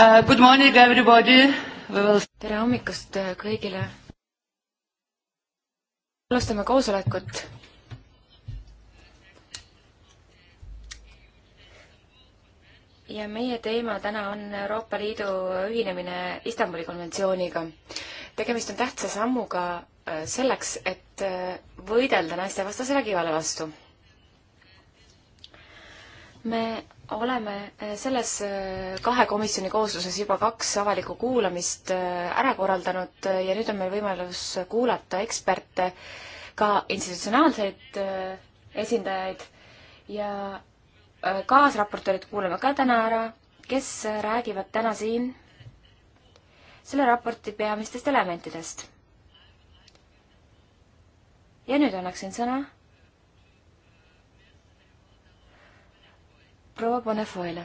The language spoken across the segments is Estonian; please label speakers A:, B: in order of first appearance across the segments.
A: Uh, good morning, everybody. Will... tere hommikust kõigile. alustame koosolekut. ja meie teema täna on Euroopa Liidu ühinemine Istanbuli konventsiooniga. tegemist on tähtsa sammuga äh, selleks, et äh, võidelda naistevastase vägivalla vastu. me oleme eh, selles eh, kahe komisjoni koosluses juba kaks avalikku kuulamist eh, ära korraldanud ja nüüd on meil võimalus kuulata eksperte, ka institutsionaalseid esindajaid ja kaasraportöörid kuulame ka täna ära, kes räägivad täna siin selle raporti peamistest elementidest. ja nüüd annaksin sõna proua Bonefoile.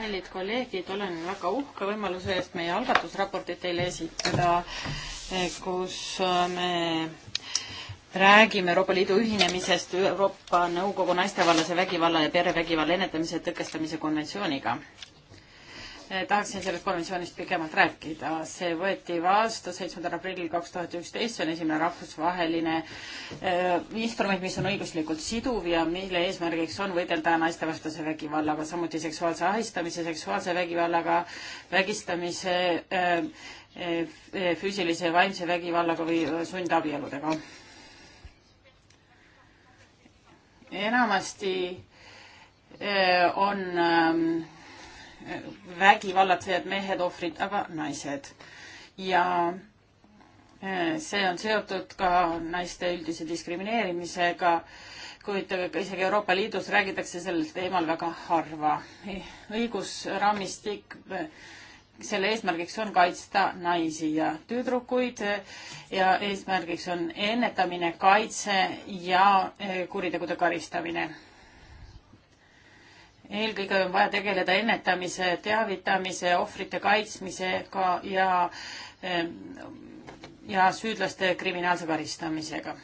B: kallid kolleegid, olen väga uhke võimaluse eest meie algatusraportit teile esitada, eh, kus eh, me räägime Euroopa Liidu ühinemisest Euroopa Nõukogu naistevallase vägivalla ja perevägivalla ennetamise ja tõkestamise konventsiooniga Eh, tahaksin sellest konventsioonist pikemalt rääkida. see võeti vastu seitsmendal aprillil kaks tuhat üksteist, see on esimene rahvusvaheline äh, instrument, mis on õiguslikult siduv ja mille eesmärgiks on võidelda naistevastase vägivallaga, samuti seksuaalse ahistamise, seksuaalse vägivallaga, vägistamise äh,, füüsilise ja vaimse vägivallaga või sundabieludega. enamasti äh, on ehm, vägivallatsejad, mehed, ohvrid, aga naised. ja äh, see on seotud ka naiste üldise diskrimineerimisega, kuid isegi Euroopa Liidus räägitakse sellel teemal väga harva. õigusraamistik äh, selle eesmärgiks on kaitsta naisi ja tüdrukuid äh, ja eesmärgiks on ennetamine, kaitse ja kuritegude karistamine eelkõige on vaja tegeleda ennetamise, teavitamise, ohvrite kaitsmisega ja, ehm, ja süüdlaste kriminaalse karistamisega.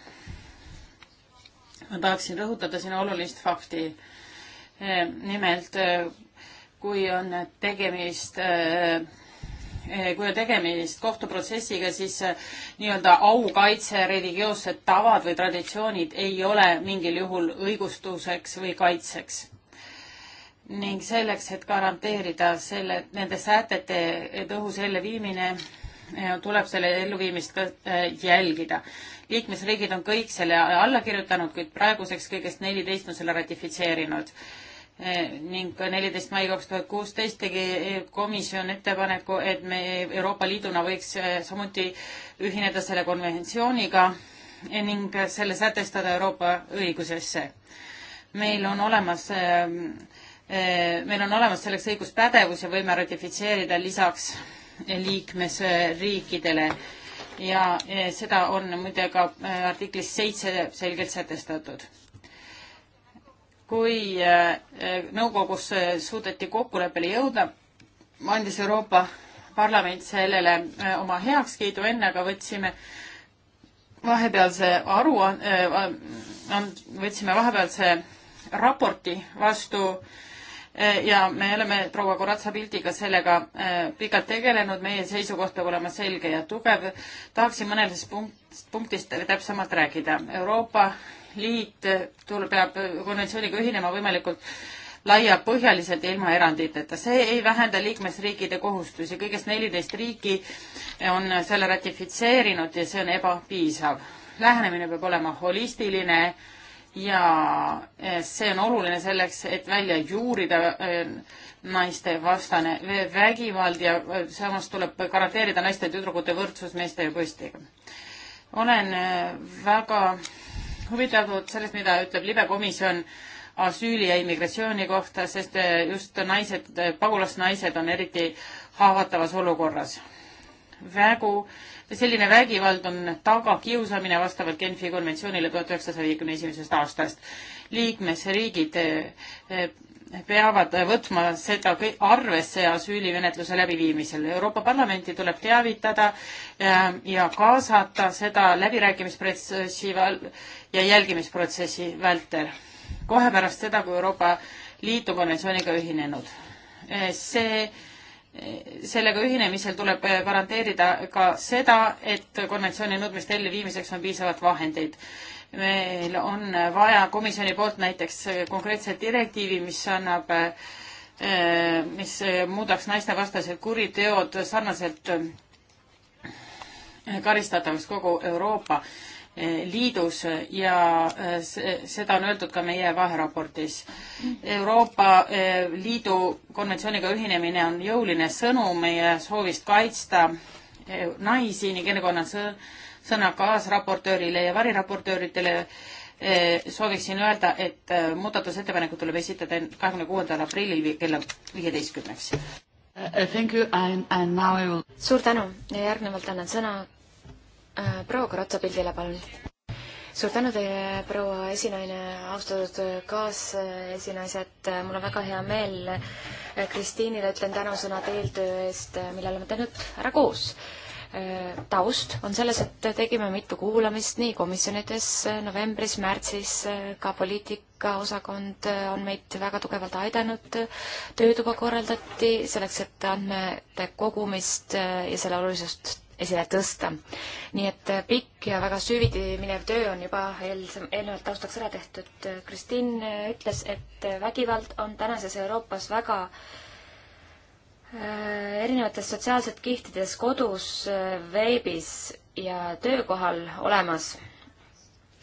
B: ma tahaksin rõhutada siin olulist fakti. Ehm, nimelt, eh, kui on tegemist eh, eh, kui on tegemist kohtuprotsessiga, siis nii-öelda aukaitse, religioossed tavad või traditsioonid ei ole mingil juhul õigustuseks või kaitseks ning selleks, et garanteerida selle, nende säätete tõhus elluviimine, eh, tuleb selle elluviimist ka eh, jälgida. liikmesriigid on kõik selle alla kirjutanud, kuid praeguseks kõigest neliteist on selle ratifitseerinud eh, ning neliteist mai kaks tuhat kuusteist tegi komisjon ettepaneku, et me Euroopa Liiduna võiks samuti ühineda selle konventsiooniga ning selle sätestada Euroopa õigusesse. meil on olemas äh, Äh, meil on olemas selleks õiguspädevus ja võime ratifitseerida lisaks liikmesriikidele ja äh, seda on muide ka äh, artiklis seitse selgelt sätestatud. kui nõukogus suudeti kokkuleppele jõuda, andis Euroopa Parlament sellele oma heakskiidu, enne aga võtsime vahepealse aru, võtsime vahepealse raporti vastu äh, Eh, ja me oleme proua Koratsa pildiga sellega eh, pikalt tegelenud, meie seisukoht peab olema selge ja tugev. tahaksin mõnedest punktist, punktist täpsemalt rääkida. Euroopa Liit eh, tuleb, peab konventsiooniga ühinema võimalikult laiapõhjaliselt ja ilma eranditeta. see ei vähenda liikmesriikide kohustusi, kõigest neliteist riiki on selle ratifitseerinud ja see on ebapiisav. lähenemine peab olema holistiline ja eh, see on oluline selleks, et välja juurida eh, naiste vastane vägivald ja eh, samas tuleb garanteerida naiste ja tüdrukute võrdsus meeste ja poistega. olen väga huvitatud sellest, mida ütleb libekomisjon asüüli ja immigratsiooni kohta, sest just naised, pagulasnaised on eriti haavatavas olukorras vägu, selline vägivald on tagakiusamine vastavalt Genfi konventsioonile tuhat üheksasaja viiekümne esimesest aastast. liikmesriigid eh, eh, peavad võtma seda arvesse asüülimenetluse läbiviimisel. Euroopa Parlamenti tuleb teavitada ja, eh, ja kaasata seda läbirääkimisprotsessi ja jälgimisprotsessi vältel kohe pärast seda, kui Euroopa Liit on konventsiooniga ühinenud. see sellega ühinemisel tuleb äh, garanteerida ka seda, et konventsiooni nõudmiste elluviimiseks on piisavalt vahendeid. meil on vaja komisjoni poolt näiteks konkreetset direktiivi, mis annab, äh, mis muudaks naistevastased kuriteod sarnaselt äh, karistatavaks kogu Euroopa Liidus ja äh, seda on öeldud ka meie vaheraportis. Euroopa äh, Liidu konventsiooniga ühinemine on jõuline sõnum meie soovist kaitsta äh, naisi ning erakonna sõna kaasraportöörile ja variraportööridele sooviksin öelda, et muudatusettepanekud tuleb esitada kahekümne kuuendal aprillil kella viieteistkümneks. Uh, thank you and, and now I will. suur tänu ja järgnevalt annan sõna Äh,
A: proua Karatsa-Pildile, palun. suur tänu teile, proua esinaine, austatud kaasesinaised, äh, mul on väga hea meel. Äh, Kristiinile ütlen tänusõnad eeltöö eest, mille oleme teinud ära koos taust on selles, et tegime mitu kuulamist nii komisjonides novembris, märtsis, ka poliitikaosakond on meid väga tugevalt aidanud. töötuba korraldati selleks, et andmete kogumist ja selle olulisust esile tõsta. nii et äh, pikk ja väga süviti minev töö on juba eelnevalt taustaks ära tehtud. Kristiin äh, ütles, et äh, vägivald on tänases Euroopas väga erinevates sotsiaalsed kihtides, kodus, veebis ja töökohal olemas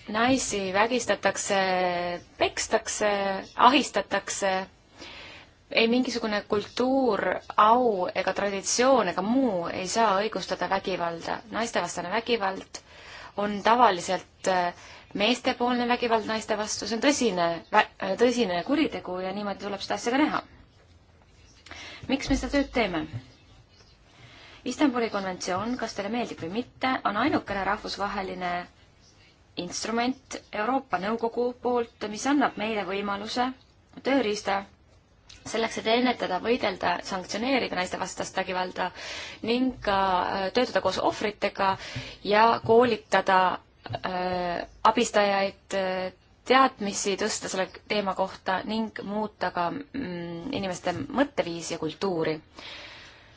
A: naisi vägistatakse, pekstakse, ahistatakse ei mingisugune kultuur, au ega traditsioon ega muu ei saa õigustada vägivalda. naistevastane vägivald on tavaliselt äh, meestepoolne vägivald naiste vastu, see on tõsine, äh, tõsine kuritegu ja niimoodi tuleb seda asja ka näha. miks me seda tööd teeme? Istanbuli konventsioon, kas teile meeldib või mitte, on ainukene rahvusvaheline instrument Euroopa Nõukogu poolt, mis annab meile võimaluse, tööriista selleks, et ennetada, võidelda, sanktsioneerida naistevastast vägivalda ning ka äh, töötada koos ohvritega ja koolitada äh, abistajaid äh,, teadmisi tõsta selle teema kohta ning muuta ka mm, inimeste mõtteviisi ja kultuuri.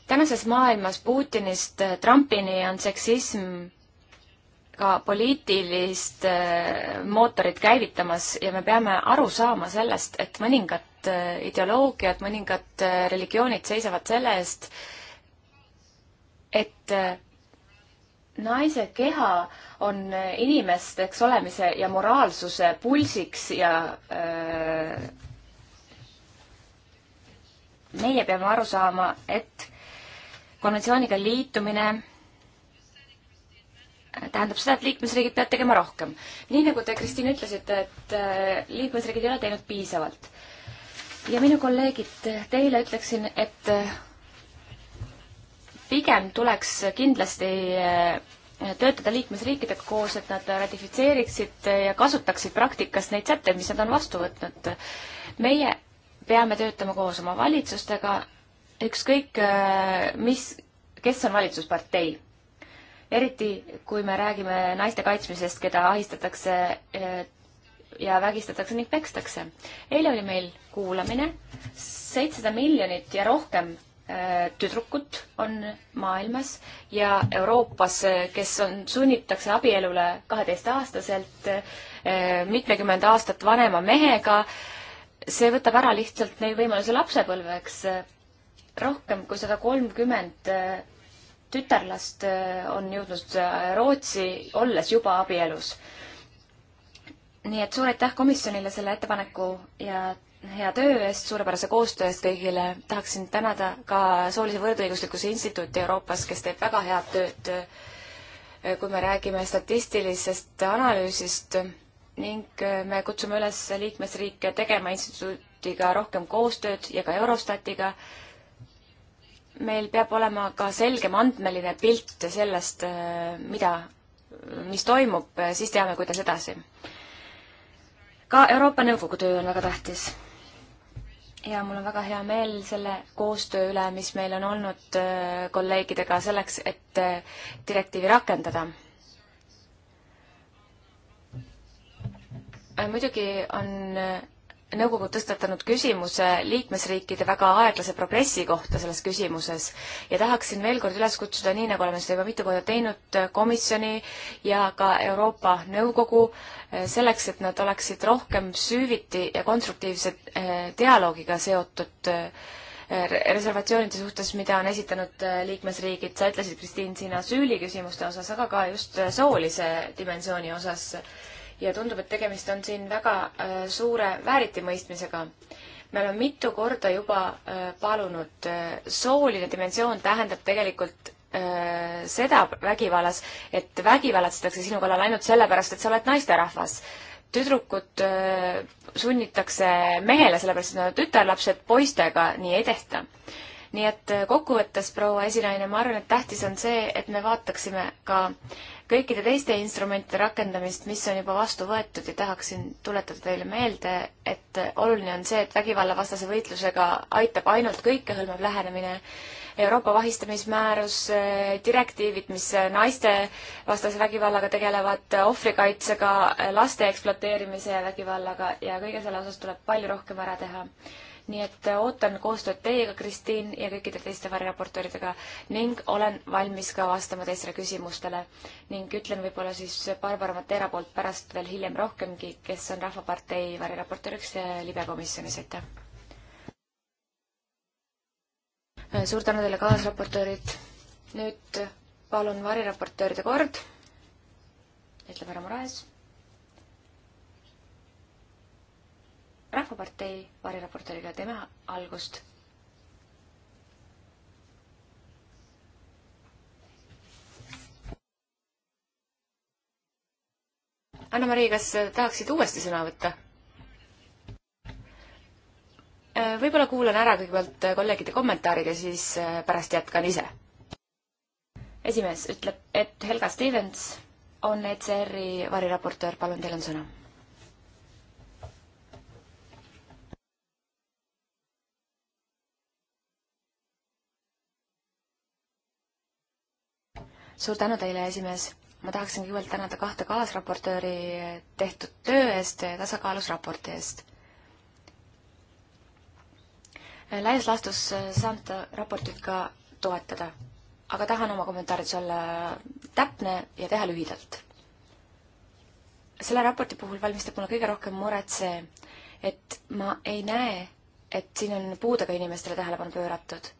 A: tänases maailmas Putinist äh, Trumpini on seksism ka poliitilist äh, mootorit käivitamas ja me peame aru saama sellest, et mõningad äh, ideoloogiad, mõningad äh, religioonid seisavad selle eest, et naise keha on inimesteks olemise ja moraalsuse pulsiks ja öö, meie peame aru saama, et konventsiooniga liitumine tähendab seda, et liikmesriigid peavad tegema rohkem. nii nagu te, Kristiin, ütlesite, et äh, liikmesriigid ei ole teinud piisavalt. ja minu kolleegid, teile ütleksin, et äh, pigem tuleks kindlasti äh, töötada liikmesriikidega koos, et nad ratifitseeriksid ja kasutaksid praktikas neid sätteid, mis nad on vastu võtnud. meie peame töötama koos oma valitsustega, ükskõik mis, kes on valitsuspartei eriti kui me räägime naiste kaitsmisest, keda ahistatakse eh, ja vägistatakse ning pekstakse. eile oli meil kuulamine, seitsesada miljonit ja rohkem eh, tüdrukut on maailmas ja Euroopas, eh, kes on, sunnitakse abielule kaheteistaastaselt, mitmekümmend aastat vanema mehega, see võtab ära lihtsalt neil võimaluse lapsepõlveks. rohkem kui sada kolmkümmend tütarlast äh, on jõudnud äh, Rootsi, olles juba abielus. nii et suur aitäh komisjonile selle ettepaneku ja hea töö eest, suurepärase koostöö eest kõigile. tahaksin tänada ka Soolise Võrdõiguslikkuse Instituuti Euroopas, kes teeb väga head tööd, äh, kui me räägime statistilisest analüüsist ning me kutsume üles liikmesriike tegema instituutiga rohkem koostööd ja ka Eurostatiga meil peab olema ka selgem andmeline pilt sellest, äh, mida, mis toimub, äh, siis teame, kuidas edasi. ka Euroopa Nõukogu töö on väga tähtis. ja mul on väga hea meel selle koostöö üle, mis meil on olnud äh, kolleegidega selleks, et direktiivi rakendada muidugi on nõukogu tõstatanud küsimuse liikmesriikide väga aeglase progressi kohta selles küsimuses ja tahaksin veel kord üles kutsuda, nii nagu oleme seda juba mitu korda teinud, komisjoni ja ka Euroopa Nõukogu eh, selleks, et nad oleksid rohkem süüviti ja konstruktiivse eh, dialoogiga seotud eh, reservatsioonide suhtes, mida on esitanud liikmesriigid, sa ütlesid, Kristiin, siin asüüli küsimuste osas, aga ka just soolise dimensiooni osas ja tundub, et tegemist on siin väga äh, suure vääritimõistmisega me oleme mitu korda juba äh, palunud, äh, sooline dimensioon tähendab tegelikult seda vägivallas, et vägivallatsetakse sinu kallal ainult sellepärast, et sa oled naisterahvas. tüdrukud sunnitakse mehele, sellepärast et nad on tütarlapsed, poistega nii ei tehta. nii et kokkuvõttes, proua esinaine, ma arvan, et tähtis on see, et me vaataksime ka äh, kõikide teiste instrumentide rakendamist, mis on juba vastu võetud ja tahaksin tuletada teile meelde, et oluline on see, et vägivallavastase võitlusega aitab ainult kõikehõlmav lähenemine. Euroopa vahistamismäärus, direktiivid, mis naistevastase vägivallaga tegelevad, ohvrikaitsega, laste ekspluateerimise ja vägivallaga ja kõige selle osas tuleb palju rohkem ära teha nii et äh, ootan koostööd teiega, Kristiin, ja kõikide teiste variraportööridega ning olen valmis ka vastama teistele küsimustele. ning ütlen võib-olla siis Barbara Matera poolt pärast veel hiljem rohkemgi, kes on Rahvapartei variraportööriks äh, libekomisjonis, aitäh! Äh, suur tänu teile, kaasraportöörid! nüüd palun variraportööride kord, ütleb härra Moraes Rahvapartei variraportööriga teeme algust. Anna-Mari, kas tahaksid uuesti sõna võtta? Äh, võib-olla kuulan ära kõigepealt kolleegide kommentaarid ja siis äh, pärast jätkan ise. esimees ütleb, et Helga Stevens on ECR-i variraportöör, palun, teil on sõna suur tänu teile, esimees! ma tahaksin kõigepealt tänada kahte kaasraportööri tehtud töö eest ja tasakaalus raporti eest. laias laastus saan seda raportit ka toetada, aga tahan oma kommentaarides olla täpne ja teha lühidalt. selle raporti puhul valmistab mulle kõige rohkem muret see, et ma ei näe, et siin on puudega inimestele tähelepanu pööratud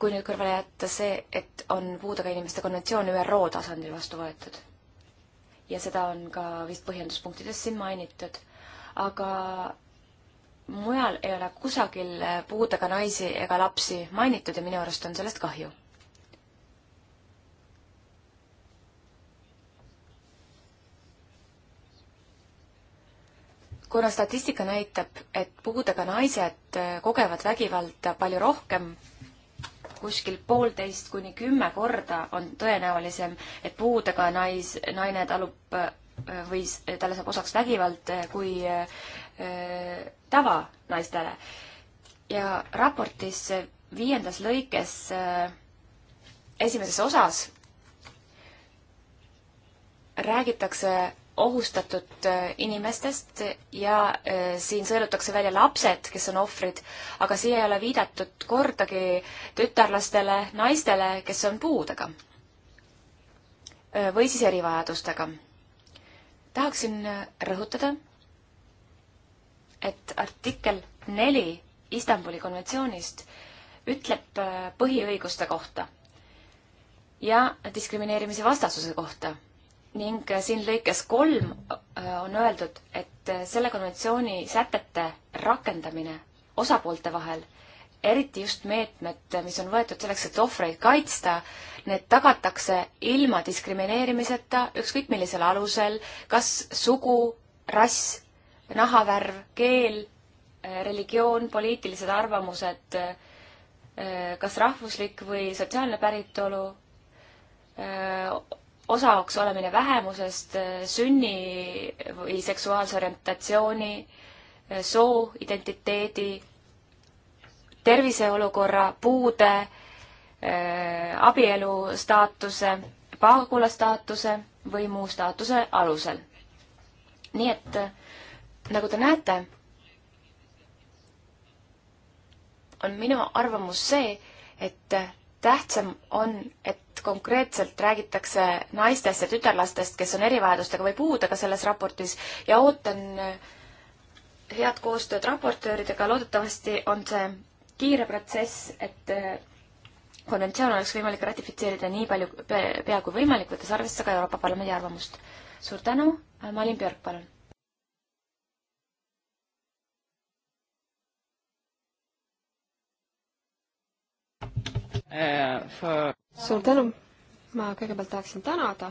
A: kui nüüd kõrvale jätta see, et on puudega inimeste konventsioon ÜRO tasandil vastu võetud. ja seda on ka vist põhjenduspunktides siin mainitud. aga mujal ei ole kusagil puudega naisi ega lapsi mainitud ja minu arust on sellest kahju. kuna statistika näitab, et puudega naised kogevad vägivalda palju rohkem kuskil poolteist kuni kümme korda on tõenäolisem, et puudega nais, naine talub äh, või talle saab osaks vägivald äh, kui äh, tavanaistele. ja raportis viiendas lõikes esimeses osas räägitakse ohustatud äh, inimestest ja äh, siin sõelutakse välja lapsed, kes on ohvrid, aga siia ei ole viidatud kordagi tütarlastele, naistele, kes on puudega äh, või siis erivajadustega. tahaksin rõhutada, et artikkel neli Istanbuli konventsioonist ütleb põhiõiguste kohta ja diskrimineerimise vastasuse kohta ning siin lõikes kolm äh, on öeldud, et äh, selle konventsiooni sätete rakendamine osapoolte vahel, eriti just meetmed, mis on võetud selleks, et ohvreid kaitsta, need tagatakse ilma diskrimineerimiseta, ükskõik millisel alusel, kas sugu, rass, nahavärv, keel, äh, religioon, poliitilised arvamused, kas rahvuslik või sotsiaalne päritolu, osaks olemine vähemusest, äh, sünni või seksuaalse orientatsiooni, äh, soo, identiteedi, terviseolukorra, puude, äh, abielu staatuse, pagula staatuse või muu staatuse alusel. nii et nagu te näete, on minu arvamus see, et tähtsam on, et et konkreetselt räägitakse naistest ja tütarlastest, kes on erivajadustega või puudega selles raportis ja ootan eh, head koostööd raportööridega, loodetavasti on see kiire protsess, et eh, konventsioon oleks võimalik ratifitseerida nii palju pea kui võimalik, võttes arvesse ka Euroopa Parlamendi arvamust. suur tänu, eh, Malin Björk, palun.
B: For
C: suur tänu. ma kõigepealt tahaksin tänada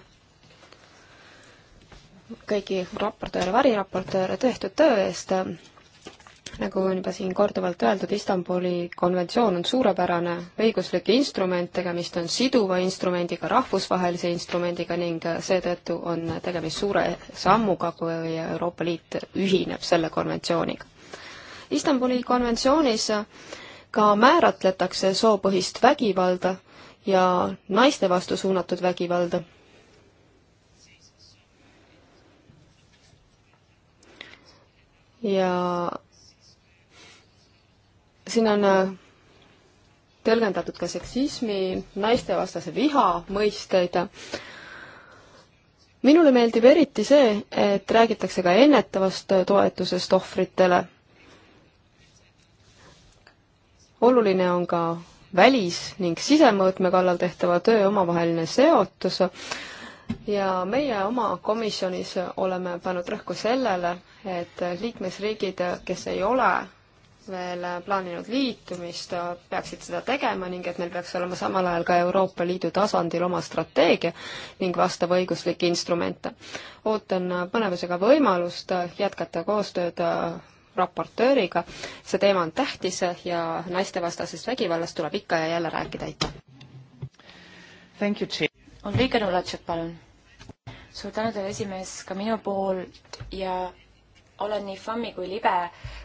C: kõiki raportööre, variraportööre tehtud töö eest. nagu on juba siin korduvalt öeldud, Istanbuli konventsioon on suurepärane õiguslik instrument, tegemist on siduva instrumendiga, rahvusvahelise instrumendiga ning seetõttu on tegemist suure sammuga, kui Euroopa Liit ühineb selle konventsiooniga. Istanbuli konventsioonis ka määratletakse soopõhist vägivalda ja naiste vastu suunatud vägivalda. ja siin on äh, tõlgendatud ka seksismi, naistevastase viha mõisteid. minule meeldib eriti see, et räägitakse ka ennetavast toetusest ohvritele. oluline on ka välis- ning sisemõõtme kallal tehtava töö omavaheline seotus ja meie oma komisjonis oleme pannud rõhku sellele, et liikmesriigid, kes ei ole veel plaaninud liitumist, peaksid seda tegema ning et neil peaks olema samal ajal ka Euroopa Liidu tasandil oma strateegia ning vastav õiguslik instrument. ootan põnevusega võimalust jätkata koostööd raportööriga. see teema on tähtis ja naistevastasest vägivallast tuleb ikka ja jälle rääkida, aitäh! Ulrike Nulatšek, palun!
A: suur tänu teile, esimees, ka minu poolt ja olen nii FAM-i kui libe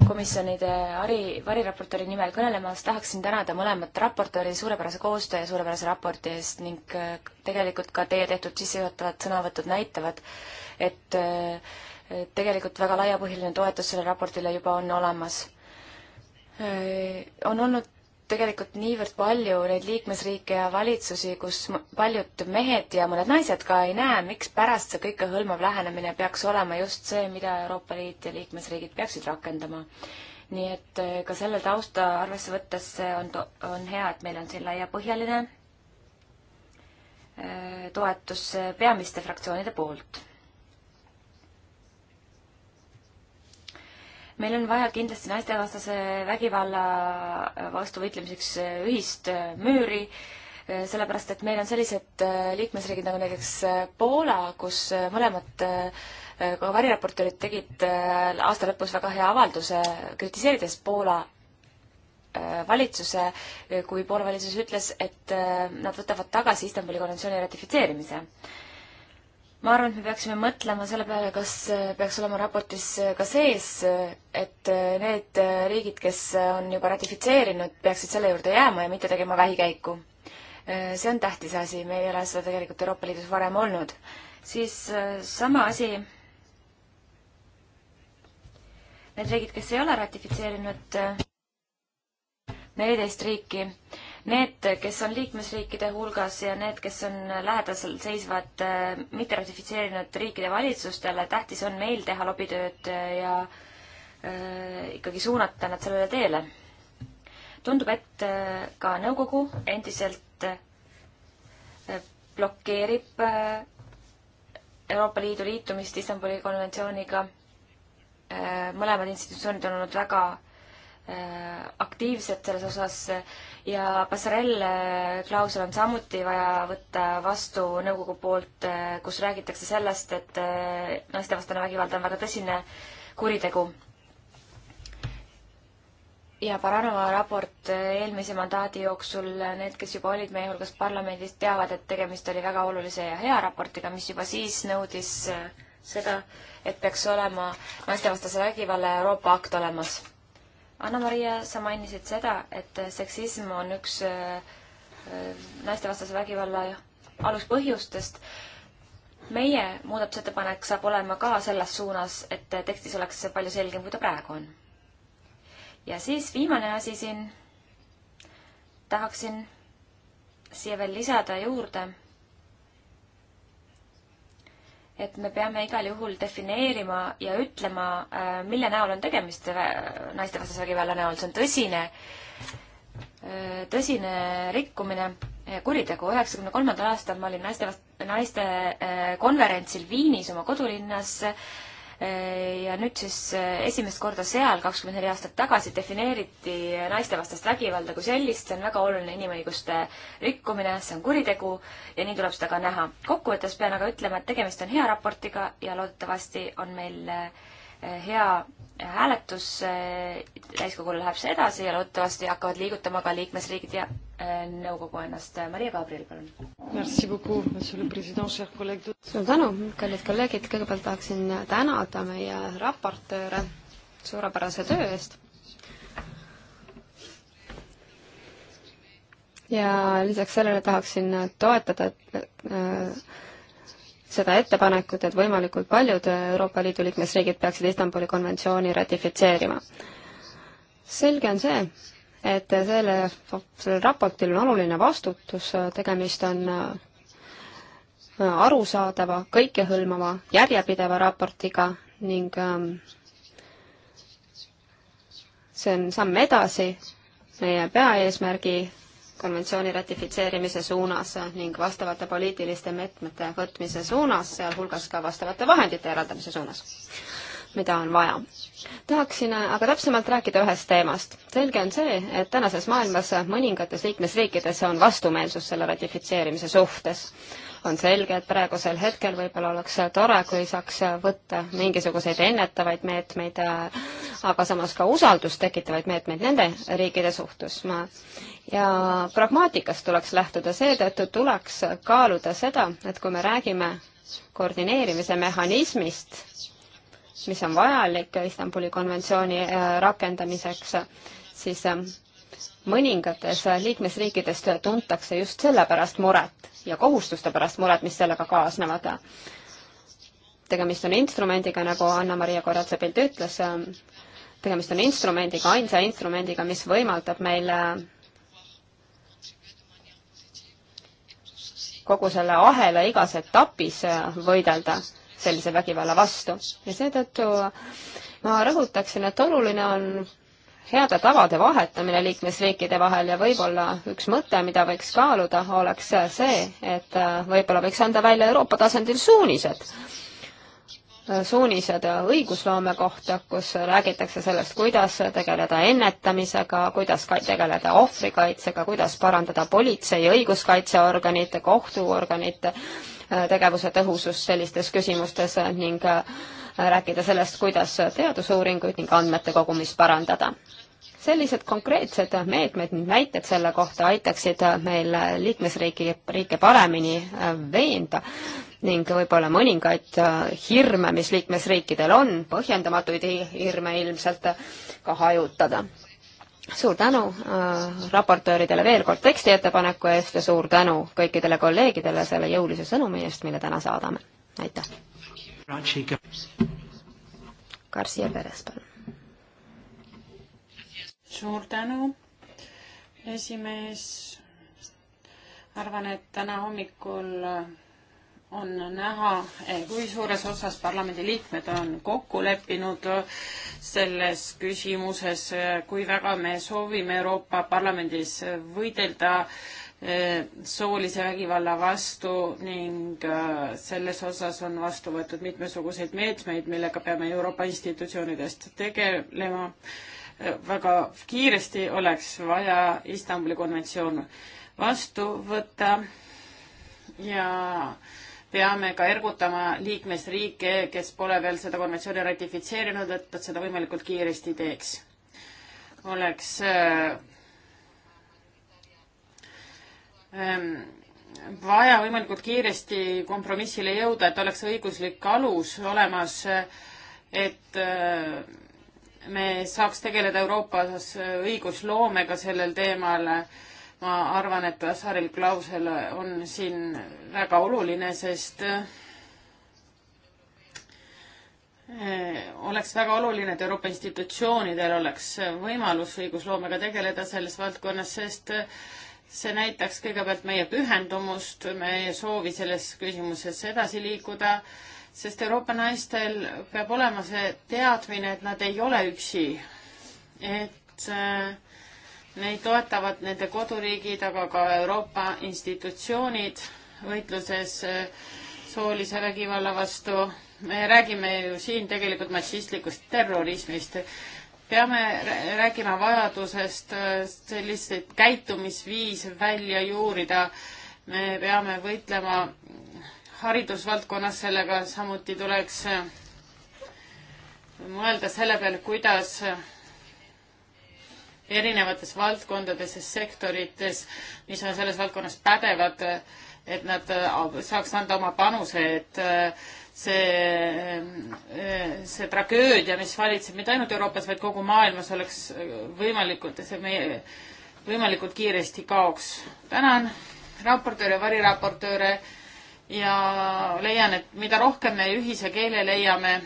A: komisjonide hari, variraportööri nimel kõnelemas, tahaksin tänada mõlemat raportööri suurepärase koostöö ja suurepärase raporti eest ning äh, tegelikult ka teie tehtud sissejuhatavad sõnavõtud näitavad, et äh, tegelikult väga laiapõhjaline toetus sellele raportile juba on olemas. Äh, on olnud tegelikult niivõrd palju neid liikmesriike ja valitsusi, kus paljud mehed ja mõned naised ka ei näe, mikspärast see kõikehõlmav lähenemine peaks olema just see, mida Euroopa Liit ja liikmesriigid peaksid rakendama. nii et äh, ka selle tausta arvesse võttes on, on hea, et meil on siin laiapõhjaline äh, toetus peamiste fraktsioonide poolt meil on vaja kindlasti naistevastase vägivalla vastu võitlemiseks äh, ühist äh, müüri, äh, sellepärast et meil on sellised liikmesriigid nagu näiteks Poola, kus mõlemad ka variraportöörid tegid aasta lõpus väga hea avalduse, kritiseerides Poola valitsuse, kui Poola valitsus ütles, et nad võtavad tagasi Istanbuli konventsiooni ratifitseerimise ma arvan, et me peaksime mõtlema selle peale, kas äh, peaks olema raportis äh, ka sees, äh, et need riigid, kes on juba ratifitseerinud, peaksid selle juurde jääma ja mitte tegema vähikäiku. see on tähtis asi, me ei ole seda tegelikult Euroopa Liidus varem olnud. siis sama asi, need riigid, kes ei ole ratifitseerinud, neliteist riiki, Need, kes on liikmesriikide hulgas ja need, kes on lähedasel seisvad äh, mitte ratifitseerinud riikide valitsustele, tähtis on meil teha lobitööd äh, ja äh, ikkagi suunata nad sellele teele. tundub, et ka nõukogu endiselt blokeerib Euroopa Liidu liitumist Istanbuli konventsiooniga. mõlemad institutsioonid on olnud väga aktiivsed selles osas ja Passarell äh, klausel on samuti vaja võtta vastu nõukogu poolt, äh, kus räägitakse sellest, et äh, naistevastane vägivald on väga tõsine kuritegu. ja Paranova raport eelmise mandaadi jooksul, need, kes juba olid meie hulgas parlamendis, teavad, et tegemist oli väga olulise ja hea raportiga, mis juba siis nõudis seda, et peaks olema naistevastase vägivalla Euroopa akt olemas Anna-Maria, sa mainisid seda, et seksism on üks äh, naistevastase vägivalla aluspõhjustest. meie muudatusettepanek saab olema ka selles suunas, et tekstis oleks see palju selgem, kui ta praegu on. ja siis viimane asi siin. tahaksin siia veel lisada juurde et me peame igal juhul defineerima ja ütlema, äh, mille näol on tegemist naistevastase vägivalla näol, see on tõsine, äh, tõsine rikkumine, kuritegu. üheksakümne kolmandal aastal ma olin naiste, naiste äh, konverentsil Viinis oma kodulinnas ja nüüd siis eh, esimest korda seal, kakskümmend neli aastat tagasi, defineeriti naistevastast vägivalda kui sellist, see on väga oluline inimõiguste rikkumine, see on kuritegu ja nii tuleb seda ka näha. kokkuvõttes pean aga ütlema, et tegemist on hea raportiga ja loodetavasti on meil äh, hea hääletus, äh, täiskogul läheb see edasi ja loodetavasti hakkavad liigutama ka liikmesriigid ja äh, nõukogu ennast. Maria Gabriel,
B: palun.
C: suur tänu, kallid kolleegid, kõigepealt tahaksin tänada meie raportööre suurepärase töö eest. ja lisaks sellele tahaksin toetada äh, seda ettepanekut, et võimalikult paljud Euroopa Liidu liikmesriigid peaksid Istanbuli konventsiooni ratifitseerima. selge on see, et selle, sellel raportil on oluline vastutus, tegemist on arusaadava, kõikehõlmava, järjepideva raportiga ning ähm, see on samm edasi meie peaeesmärgi konventsiooni ratifitseerimise suunas ning vastavate poliitiliste meetmete võtmise suunas, sealhulgas ka vastavate vahendite eraldamise suunas mida on vaja. tahaksin aga täpsemalt rääkida ühest teemast. selge on see, et tänases maailmas mõningates liikmesriikides on vastumeelsus selle ratifitseerimise suhtes. on selge, et praegusel hetkel võib-olla oleks tore, kui saaks võtta mingisuguseid ennetavaid meetmeid, aga samas ka usaldust tekitavaid meetmeid nende riikide suhtes. ja pragmaatikast tuleks lähtuda, seetõttu tuleks kaaluda seda, et kui me räägime koordineerimise mehhanismist, mis on vajalik Istanbuli konventsiooni äh, rakendamiseks, siis äh, mõningates liikmesriikides tuntakse just selle pärast muret ja kohustuste pärast muret, mis sellega kaasnevad. tegemist on instrumendiga, nagu Anna-Maria Koratsepilt ütles, tegemist on instrumendiga, ainsa instrumendiga, mis võimaldab meil äh, kogu selle ahela igas etapis võidelda sellise vägivalla vastu. ja seetõttu ma rõhutaksin, et oluline on heade tavade vahetamine liikmesriikide vahel ja võib-olla üks mõte, mida võiks kaaluda, oleks see, et võib-olla võiks anda välja Euroopa tasandil suunised, suunised õigusloome kohta, kus räägitakse sellest, kuidas tegeleda ennetamisega, kuidas tegeleda ohvrikaitsega, kuidas parandada politsei, õiguskaitseorganite, kohtuorganite äh, Äh, tegevuse tõhusust sellistes küsimustes ning äh, rääkida sellest, kuidas teadusuuringuid ning andmete kogumist parandada. sellised konkreetsed meetmed ning näited selle kohta aitaksid meil liikmesriiki, riike paremini äh, veenda ning võib-olla mõningaid hirme, mis liikmesriikidel on, põhjendamatuid hirme ilmselt ka hajutada suur tänu äh, raportööridele veel kord tekstiettepaneku eest ja suur tänu kõikidele kolleegidele selle jõulise sõnumi eest, mille täna saadame. aitäh! Garcia Perez, palun!
B: suur tänu, esimees! arvan, et täna hommikul on näha, eh, kui suures osas parlamendiliikmed on kokku leppinud eh, selles küsimuses, eh, kui väga me soovime Euroopa Parlamendis võidelda soolise vägivalla vastu ning selles osas on vastu võetud mitmesuguseid meetmeid, millega peame Euroopa institutsioonidest tegelema. väga kiiresti oleks vaja Istanbuli konventsioon vastu võtta ja äh, peame ka ergutama liikmesriike, kes pole veel seda konventsiooni ratifitseerinud, et nad seda võimalikult kiiresti teeks. oleks äh, ähm, vaja võimalikult kiiresti kompromissile jõuda, et oleks õiguslik alus olemas, et äh, me saaks tegeleda Euroopas õigusloomega sellel teemal äh, ma arvan, et Asaril klausel on siin väga oluline, sest eh, oleks väga oluline, et Euroopa institutsioonidel oleks võimalus õigusloomega tegeleda selles valdkonnas, sest see näitaks kõigepealt meie pühendumust, meie soovi selles küsimuses edasi liikuda, sest Euroopa naistel peab olema see teadmine, et nad ei ole üksi, et äh, Neid toetavad nende koduriigid, aga ka Euroopa institutsioonid võitluses äh, soolise vägivalla vastu. me räägime ju siin tegelikult massistlikust terrorismist. peame rääkima vajadusest äh, selliseid käitumisviise välja juurida. me peame võitlema haridusvaldkonnas sellega, samuti tuleks äh, mõelda selle peale, kuidas erinevates valdkondades ja sektorites, mis on selles valdkonnas pädevad, et nad äh, saaks anda oma panuse, et äh, see, äh, see tragöödia, mis valitseb mitte ainult Euroopas, vaid kogu maailmas, oleks võimalikult, see meie võimalikult kiiresti kaoks. tänan raportööre, variraportööre ja leian, et mida rohkem me ühise keele leiame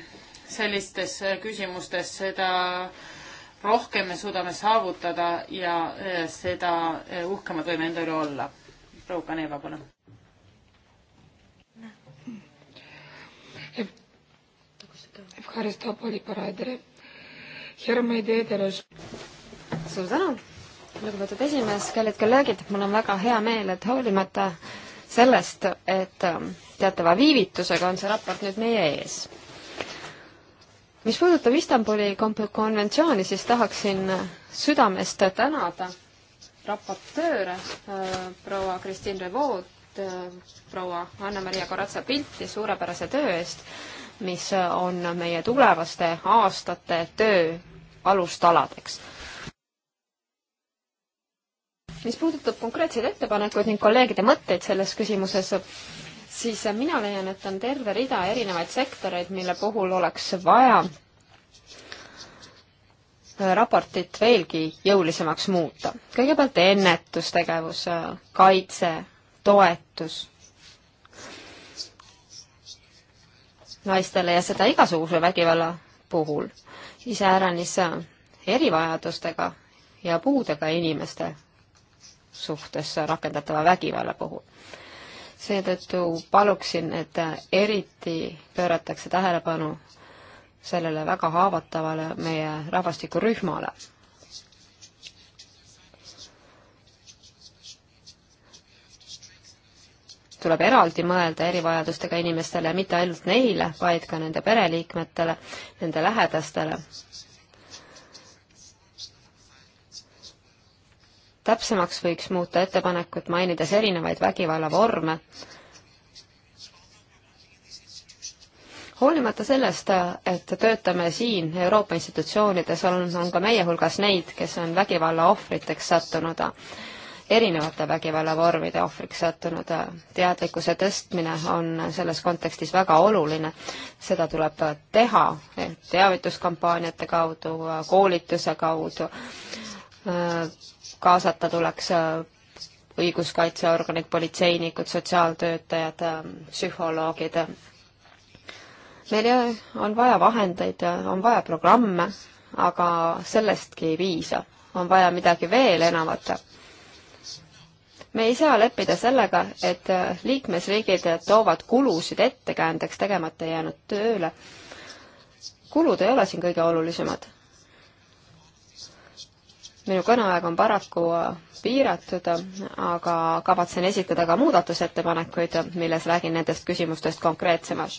B: sellistes küsimustes, seda äh, rohkem me suudame saavutada ja eh, seda eh, uhkemad võime enda üle olla. proua Kaneva, palun.
C: suur tänu, lugupeetud esimees, kallid kolleegid, mul on väga hea meel, et hoolimata sellest, et eh, teatava viivitusega on see raport nüüd meie ees mis puudutab Istanbuli konventsiooni, siis tahaksin südamest tänada
B: raportööre
C: äh, proua Kristiin Revood, äh, proua Anna-Maria Koratsa Pilti suurepärase töö eest, mis äh, on meie tulevaste aastate töö alustaladeks. mis puudutab konkreetseid ettepanekuid ning kolleegide mõtteid selles küsimuses, siis mina leian, et on terve rida erinevaid sektoreid, mille puhul oleks vaja raportit veelgi jõulisemaks muuta. kõigepealt ennetustegevus, kaitse, toetus naistele ja seda igasuguse vägivalla puhul, iseäranis erivajadustega ja puudega inimeste suhtes rakendatava vägivalla puhul seetõttu paluksin, et eriti pööratakse tähelepanu sellele väga haavatavale meie rahvastikurühmale.
B: tuleb eraldi mõelda erivajadustega inimestele,
C: mitte ainult neile, vaid ka nende pereliikmetele, nende lähedastele täpsemaks võiks muuta ettepanekut, mainides erinevaid vägivallavorme. hoolimata sellest, et töötame siin Euroopa institutsioonides, on, on ka meie hulgas neid, kes on vägivalla ohvriteks sattunud, erinevate vägivallavormide ohvriks sattunud. teadlikkuse tõstmine on selles kontekstis väga oluline, seda tuleb teha teavituskampaaniate kaudu, koolituse kaudu kaasata tuleks äh, õiguskaitseorganid, politseinikud, sotsiaaltöötajad, ähm, psühholoogid. meil on vaja vahendeid, on vaja programme, aga sellestki ei piisa, on vaja midagi veel enamat me ei saa leppida sellega, et äh, liikmesriigid toovad kulusid ettekäändeks tegemata jäänud tööle. kulud ei ole siin kõige olulisemad minu kõneaeg on paraku äh, piiratud, aga kavatsen esitada ka muudatusettepanekuid, milles räägin nendest küsimustest konkreetsemalt.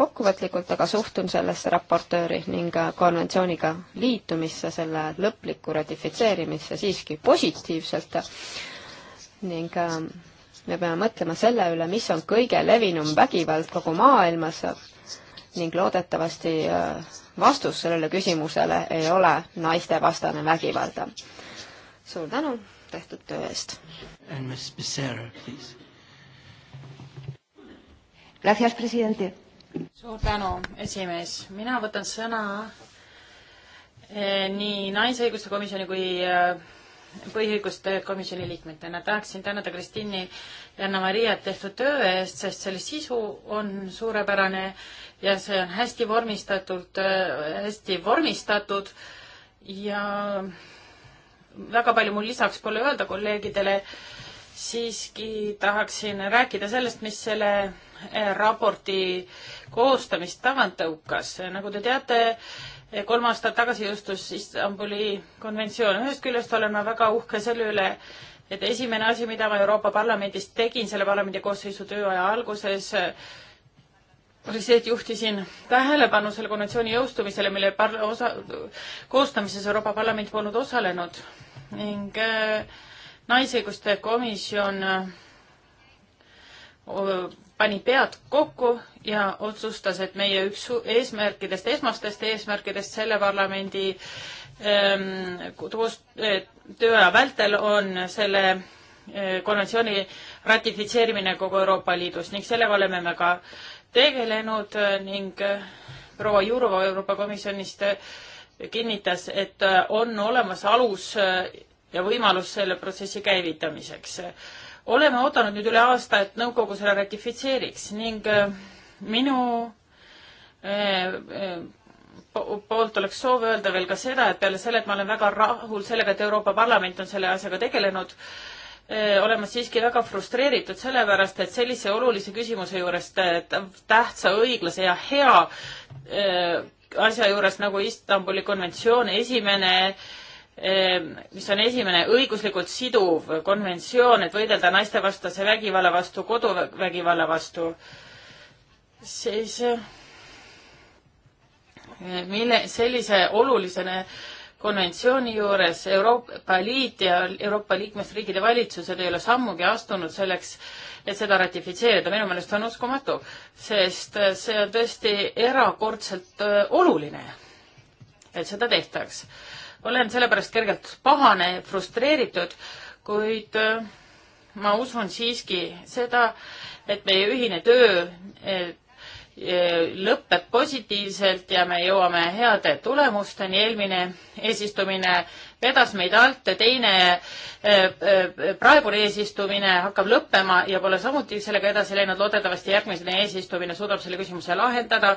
C: kokkuvõtlikult aga suhtun sellesse raportööri ning äh, konventsiooniga liitumisse, selle lõplikku ratifitseerimisse siiski positiivselt ning äh, me peame mõtlema selle üle, mis on kõige levinum vägivald kogu maailmas ning loodetavasti äh, vastus sellele küsimusele ei ole naistevastane vägivald. suur tänu tehtud töö eest.
B: suur tänu, esimees. mina võtan sõna eh, nii Naise Õiguste Komisjoni kui eh, põhiõiguste komisjoni liikmetena. tahaksin tänada Kristiini ja Anna-Mariat tehtud töö eest, sest selle sisu on suurepärane ja see on hästi vormistatult, hästi vormistatud ja väga palju mul lisaks pole öelda kolleegidele, siiski tahaksin rääkida sellest, mis selle eh, raporti koostamist tagant tõukas. nagu te teate, kolm aastat tagasi jõustus Istanbuli konventsioon. ühest küljest olen ma väga uhke selle üle, et esimene asi, mida ma Euroopa Parlamendis tegin selle parlamendi koosseisu tööaja alguses, oli see, et juhtisin tähelepanu selle konventsiooni jõustumisele, mille par-, osa, koostamises Euroopa Parlament polnud osalenud ning äh, Naisõiguste Komisjon äh, pani pead kokku ja otsustas, et meie üks eesmärkidest, esmastest eesmärkidest selle parlamendi ähm, koos äh, tööaja vältel on selle äh, konventsiooni ratifitseerimine kogu Euroopa Liidus ning sellega oleme me ka tegelenud äh, ning proua Jurova Euroopa Komisjonist kinnitas, et on olemas alus ja võimalus selle protsessi käivitamiseks oleme oodanud nüüd üle aasta, et nõukogu selle ratifitseeriks ning äh, minu äh, äh, poolt oleks soov öelda veel ka seda, et peale selle, et ma olen väga rahul sellega, et Euroopa Parlament on selle asjaga tegelenud, olen ma siiski väga frustreeritud sellepärast, et sellise olulise küsimuse juures, tähtsa, õiglase ja hea asja juures nagu Istanbuli konventsioon esimene äh, Ehm, mis on esimene õiguslikult siduv konventsioon, et võidelda naistevastase vägivalla vastu, koduvägivalla vastu, siis eh, mille, sellise olulisene konventsiooni juures Euroopa Liit ja Euroopa liikmesriikide valitsused ei ole sammugi astunud selleks, et seda ratifitseerida, minu meelest on uskumatu, sest see on tõesti erakordselt eh, oluline, et seda tehtaks olen sellepärast kergelt pahane, frustreeritud, kuid äh, ma usun siiski seda, et meie ühine töö äh, äh, lõpeb positiivselt ja me jõuame heade tulemusteni. eelmine eesistumine vedas meid alt, teine praegune eesistumine hakkab lõppema ja pole samuti sellega edasi läinud. loodetavasti järgmine eesistumine suudab selle küsimuse lahendada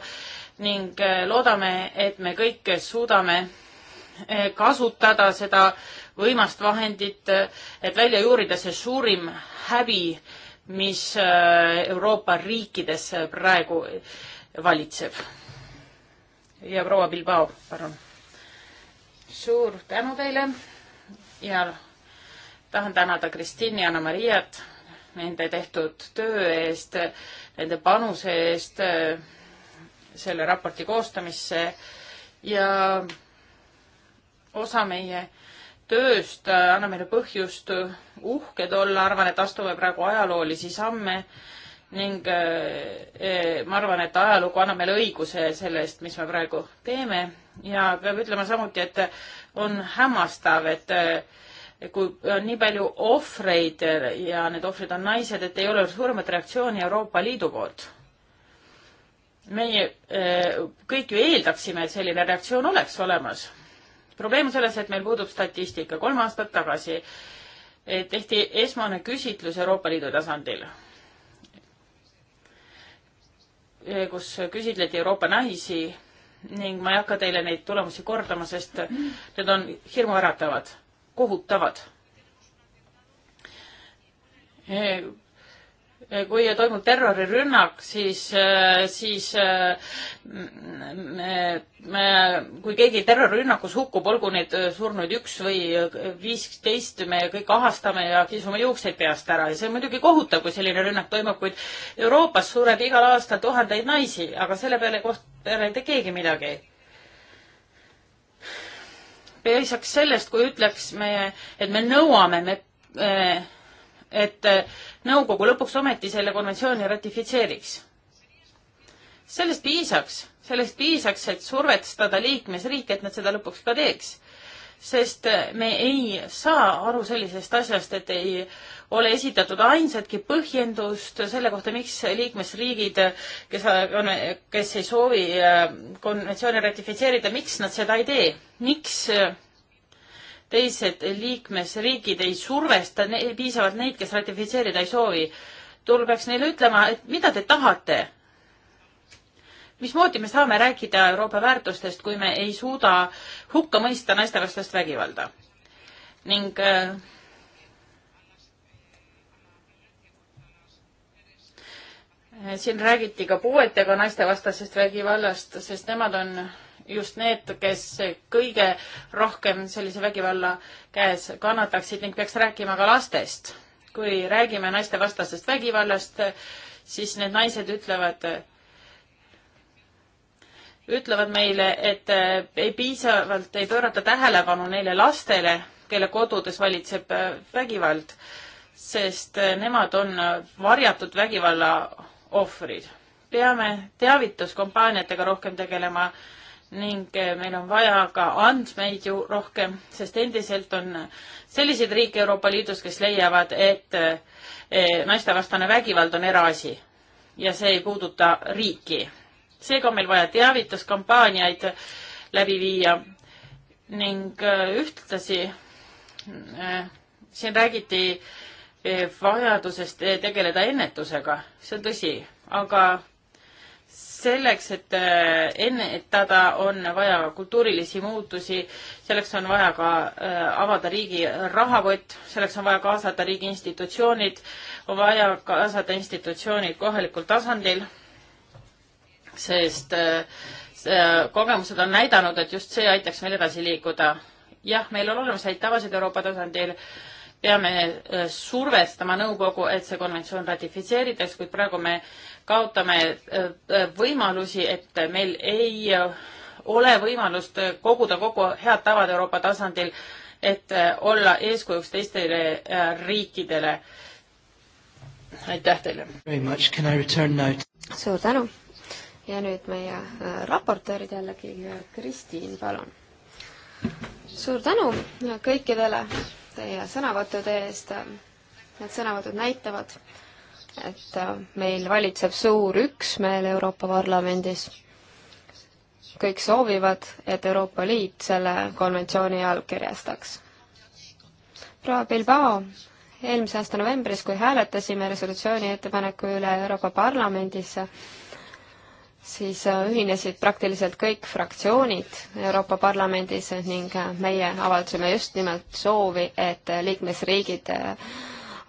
B: ning loodame, et me kõik suudame Eh, kasutada seda võimast vahendit, eh, et välja juurida see suurim häbi, mis eh, Euroopa riikides praegu valitseb. ja proua Bilbao, palun. suur tänu teile ja tahan tänada Kristiini ja Anna-Mariat nende tehtud töö eest, nende panuse eest selle raporti koostamisse ja osa meie tööst, annab meile põhjust uhked olla, arvan, et astume praegu ajaloolisi samme ning eh, eh, ma arvan, et ajalugu annab meile õiguse selle eest, mis me praegu teeme ja peab ütlema samuti, et on hämmastav, et eh, kui on nii palju ohvreid ja need ohvrid on naised, et ei ole suuremat reaktsiooni Euroopa Liidu poolt. meie kõik ju eeldaksime, et selline reaktsioon oleks olemas probleem on selles, et meil puudub statistika. kolm aastat tagasi eh, tehti esmane küsitlus Euroopa Liidu tasandil, eh, kus küsitleti Euroopa naisi ning ma ei hakka teile neid tulemusi kordama, sest need on hirmuäratavad, kohutavad eh, kui toimub terrorirünnak, siis, äh, siis me, äh, me, äh, kui keegi terrorirünnakus hukkub, olgu neid surnuid üks või viisteist, me kõik ahastame ja kisume juukseid peast ära ja see on muidugi kohutav, kui selline rünnak toimub, kuid Euroopas sureb igal aastal tuhandeid naisi, aga selle peale koht-, peale ei tee keegi midagi piisaks sellest, kui ütleks meie, et me nõuame, me, et nõukogu lõpuks ometi selle konventsiooni ratifitseeriks. sellest piisaks, sellest piisaks, et survestada liikmesriike, et nad seda lõpuks ka teeks. sest me ei saa aru sellisest asjast, et ei ole esitatud ainsatki põhjendust selle kohta, miks liikmesriigid, kes, kes ei soovi äh, konventsiooni ratifitseerida, miks nad seda ei tee, miks teised liikmesriigid ei survesta ne piisavalt neid, kes ratifitseerida ei soovi. tul-, peaks neile ütlema, et mida te tahate. mismoodi me saame rääkida Euroopa väärtustest, kui me ei suuda hukka mõista naistevastast vägivalda? ning äh, Äh, siin räägiti ka puuetega naistevastasest vägivallast, sest nemad on just need, kes kõige rohkem sellise vägivalla käes kannataksid ning peaks rääkima ka lastest. kui räägime naistevastasest vägivallast, siis need naised ütlevad, ütlevad meile, et äh, ei piisavalt ei pöörata tähelepanu neile lastele, kelle kodudes valitseb äh, vägivald, sest nemad on varjatud vägivalla ohvrid. peame teavituskampaaniatega rohkem tegelema ning eh, meil on vaja ka andmeid ju rohkem, sest endiselt on selliseid riike Euroopa Liidus, kes leiavad, et eh, naistevastane vägivald on eraasi ja see ei puuduta riiki. seega on meil vaja teavituskampaaniaid läbi viia ning eh, ühtlasi siin räägiti äh, vajadusest eh, tegeleda ennetusega, see on tõsi, aga selleks, et eh, ennetada, on vaja kultuurilisi muutusi, selleks on vaja ka eh, avada riigi rahakott, selleks on vaja kaasata riigi institutsioonid, on vaja kaasata institutsioonid kohalikul tasandil, sest kogemused on näidanud, et just see aitaks meil edasi liikuda. jah, meil on olemas häid tavasid Euroopa tasandil peame äh, survestama nõukogu, et see konventsioon ratifitseeritaks, kuid praegu me kaotame äh, äh, võimalusi, et meil ei ole võimalust koguda kogu head tavad Euroopa tasandil, et olla eeskujuks teistele riikidele. aitäh teile!
C: suur tänu! ja nüüd meie raportöörid jällegi, Kristiin, palun! suur tänu kõikidele! teie sõnavõttude eest. Need sõnavõtud näitavad, et äh, meil valitseb suur üksmeel Euroopa Parlamendis. kõik soovivad, et Euroopa Liit selle konventsiooni allkirjastaks. proua Bilbao, eelmise aasta novembris, kui hääletasime resolutsiooni ettepaneku üle Euroopa Parlamendis, siis äh, ühinesid praktiliselt kõik fraktsioonid Euroopa Parlamendis ning äh, meie avaldasime just nimelt soovi, et liikmesriigid äh,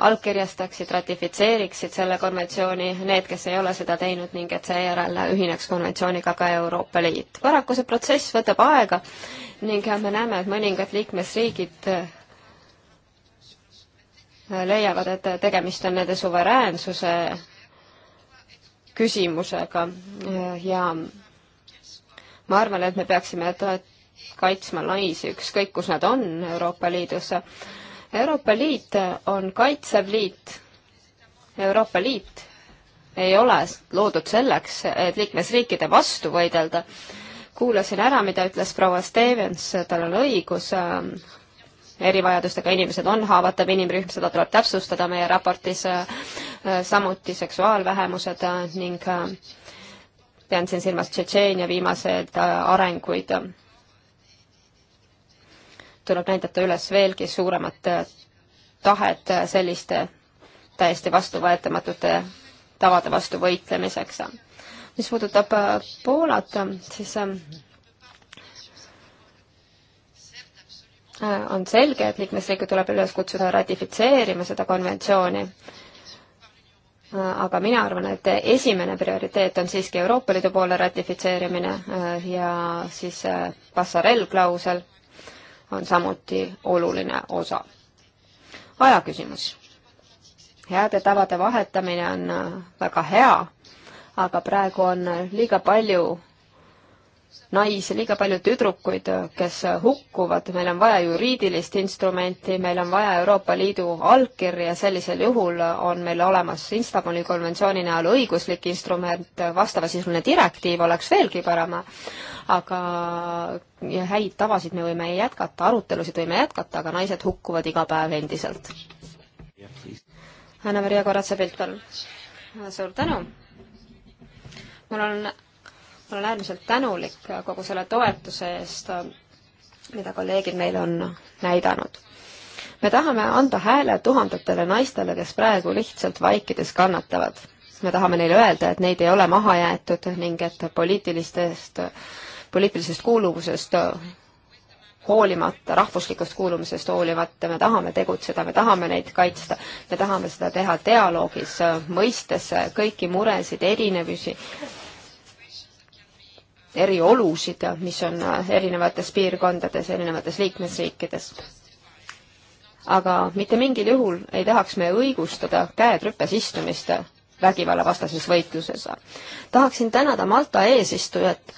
C: allkirjastaksid, ratifitseeriksid selle konventsiooni need, kes ei ole seda teinud ning et seejärel ühineks konventsiooniga ka Euroopa Liit. paraku see protsess võtab aega ning me näeme, et mõningad liikmesriigid leiavad, et tegemist on nende suveräänsuse küsimusega ja ma arvan, et me peaksime kaitsma naisi, ükskõik kus nad on Euroopa Liidus. Euroopa Liit on kaitsev liit. Euroopa Liit ei ole loodud selleks, et liikmesriikide vastu võidelda. kuulasin ära, mida ütles proua Stevens, tal on õigus, erivajadustega inimesed on haavatav inimrühm, seda tuleb täpsustada meie raportis Äh, samuti seksuaalvähemused äh, ning äh, pean siin silmas Tšetšeenia viimaseid arenguid. tuleb näidata üles veelgi suuremat tahet selliste täiesti vastuvõetamatute tavade vastu võitlemiseks. mis puudutab Poolat, siis on selge, et liikmesriike tuleb üles kutsuda ratifitseerima seda konventsiooni aga mina arvan, et esimene prioriteet on siiski Euroopa Liidu poole ratifitseerimine äh, ja siis äh, passarell klausel on samuti oluline osa. aja küsimus. heade tavade vahetamine on äh, väga hea, aga praegu on liiga palju naisi, liiga palju tüdrukuid, kes hukkuvad, meil on vaja juriidilist instrumenti, meil on vaja Euroopa Liidu allkirja, sellisel juhul on meil olemas Istanbuli konventsiooni näol õiguslik instrument, vastavasisuline direktiiv oleks veelgi parem, aga häid tavasid me võime jätkata, arutelusid võime jätkata, aga naised hukkuvad iga päev endiselt. Anna-Maria Koratsa-Pilt, palun. suur tänu mul on ma olen äärmiselt tänulik kogu selle toetuse eest, mida kolleegid meile on näidanud. me tahame anda hääle tuhandetele naistele, kes praegu lihtsalt vaikides kannatavad. me tahame neile öelda, et neid ei ole maha jäetud ning et poliitilistest, poliitilisest kuuluvusest hoolimata, rahvuslikust kuulumisest hoolimata, me tahame tegutseda, me tahame neid kaitsta, me tahame seda teha dialoogis, mõistes kõiki muresid, erinevusi eriolusid, mis on erinevates piirkondades, erinevates liikmesriikides. aga mitte mingil juhul ei tahaks me õigustada käed rüpes istumist vägivallavastases võitluses. tahaksin tänada Malta eesistujat,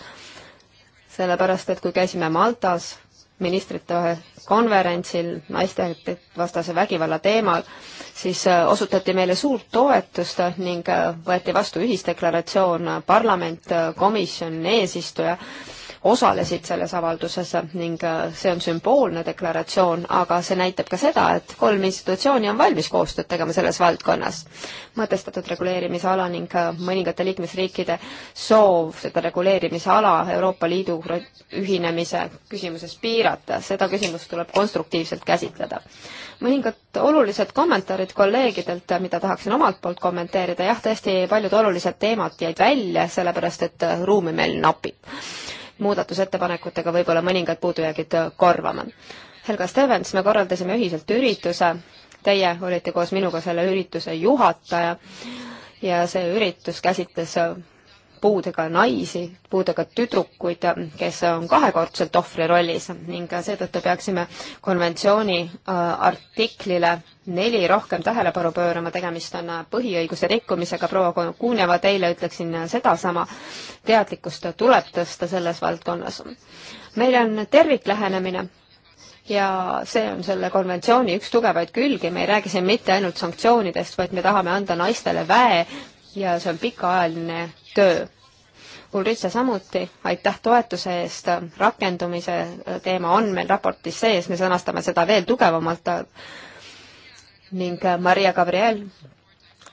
C: sellepärast et kui käisime Maltas, ministrite konverentsil naistevastase vägivalla teemal, siis äh, osutati meile suurt toetust ning äh, võeti vastu ühisdeklaratsioon, äh, parlament, komisjon, eesistuja osalesid selles avalduses ning äh, see on sümboolne deklaratsioon, aga see näitab ka seda, et kolm institutsiooni on valmis koostööd tegema selles valdkonnas. mõtestatud reguleerimisala ning äh, mõningate liikmesriikide soov seda reguleerimisala Euroopa Liidu ühinemise küsimuses piirata, seda küsimust tuleb konstruktiivselt käsitleda. mõningad olulised kommentaarid kolleegidelt, mida tahaksin omalt poolt kommenteerida, jah, tõesti paljud olulised teemad jäid välja, sellepärast et ruumi meil napib muudatusettepanekutega võib-olla mõningad puudujäägid äh, korvama. Helga Stevens, me korraldasime ühiselt ürituse, teie olite koos minuga selle ürituse juhataja ja see üritus käsitles äh, puudega naisi, puudega tüdrukuid, kes on kahekordselt ohvri rollis ning seetõttu peaksime konventsiooni äh, artiklile neli rohkem tähelepanu pöörama, tegemist on äh, põhiõiguse rikkumisega, proua Kuneva, teile ütleksin äh, sedasama, teadlikkust tuleb tõsta selles valdkonnas. meil on terviklähenemine ja see on selle konventsiooni üks tugevaid külgi, me ei räägi siin mitte ainult sanktsioonidest, vaid me tahame anda naistele väe ja see on pikaajaline töö. Ulrica samuti, aitäh toetuse eest, rakendumise teema on meil raportis sees, me sõnastame seda veel tugevamalt. ning äh, Maria Gabriel,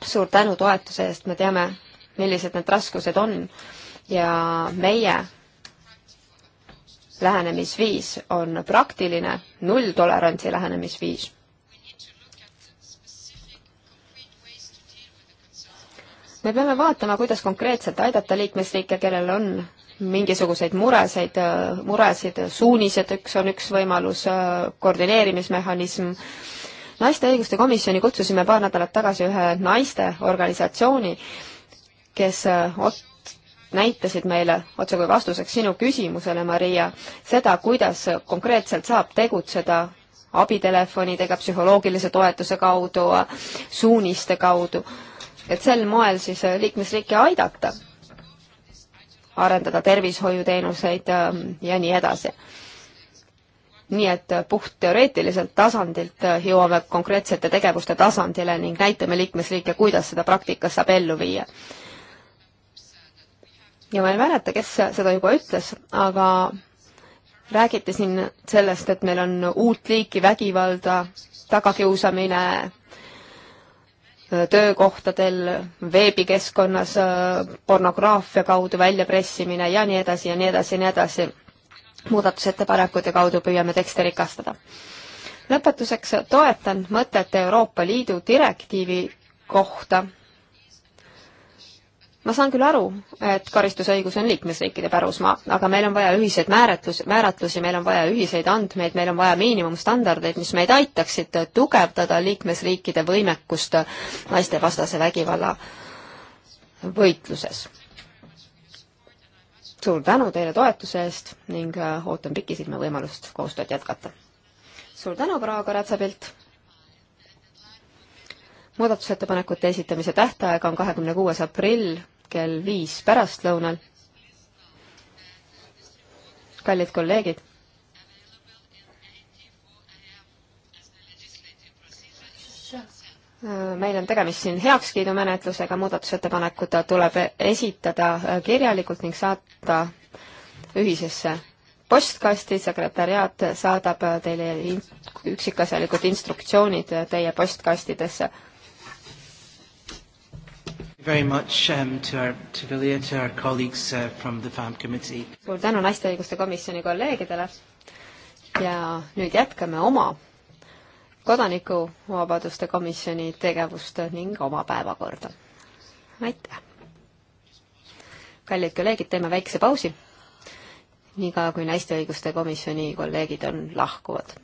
C: suur tänu toetuse eest, me teame, millised need raskused on ja meie lähenemisviis on praktiline nulltolerantsi lähenemisviis me peame vaatama, kuidas konkreetselt aidata liikmesriike, kellel on mingisuguseid muresid, muresid, suunised, üks on üks võimalus, koordineerimismehhanism. naiste õiguste komisjoni kutsusime paar nädalat tagasi ühe naisteorganisatsiooni, kes ot-, näitasid meile otsekui vastuseks sinu küsimusele, Maria, seda, kuidas konkreetselt saab tegutseda abitelefonidega, psühholoogilise toetuse kaudu, suuniste kaudu et sel moel siis äh, liikmesriike aidata arendada tervishoiuteenuseid ähm, ja nii edasi. nii et äh, puht teoreetiliselt tasandilt äh, jõuame konkreetsete tegevuste tasandile ning näitame liikmesriike, kuidas seda praktikas saab ellu viia. ja ma ei mäleta, kes seda juba ütles, aga räägiti siin sellest, et meil on uut liiki vägivalda, tagakiusamine, töökohtadel, veebikeskkonnas, pornograafia kaudu väljapressimine ja nii edasi ja nii edasi ja nii edasi. muudatusettepanekute kaudu püüame tekste rikastada. lõpetuseks toetan mõtet Euroopa Liidu direktiivi kohta ma saan küll aru, et karistusõigus on liikmesriikide pärusmaa, aga meil on vaja ühiseid määratlus, määratlusi, meil on vaja ühiseid andmeid, meil on vaja miinimumstandardeid, mis meid aitaksid tugevdada liikmesriikide võimekust naistevastase vägivalla võitluses. suur tänu teile toetuse eest ning äh, ootan pikisilme võimalust koostööd jätkata. suur tänu, proua Karatsapilt! muudatusettepanekute esitamise tähtaeg on kahekümne kuues aprill kell viis pärastlõunal. kallid kolleegid, meil on tegemist siin heakskiidumenetlusega, muudatusettepanekud tuleb esitada kirjalikult ning saata ühisesse postkasti, sekretäriaat saadab teile üksikasjalikud instruktsioonid teie postkastidesse
B: Very much um, to our, to Vilia,
A: to our colleagues uh, from the FAM committee.
C: suur tänu naiste õiguste komisjoni kolleegidele ja nüüd jätkame oma kodanikuvabaduste komisjoni tegevust ning oma päevakorda. aitäh! kallid kolleegid, teeme väikse pausi, niikaua kui naiste õiguste komisjoni kolleegid on, lahkuvad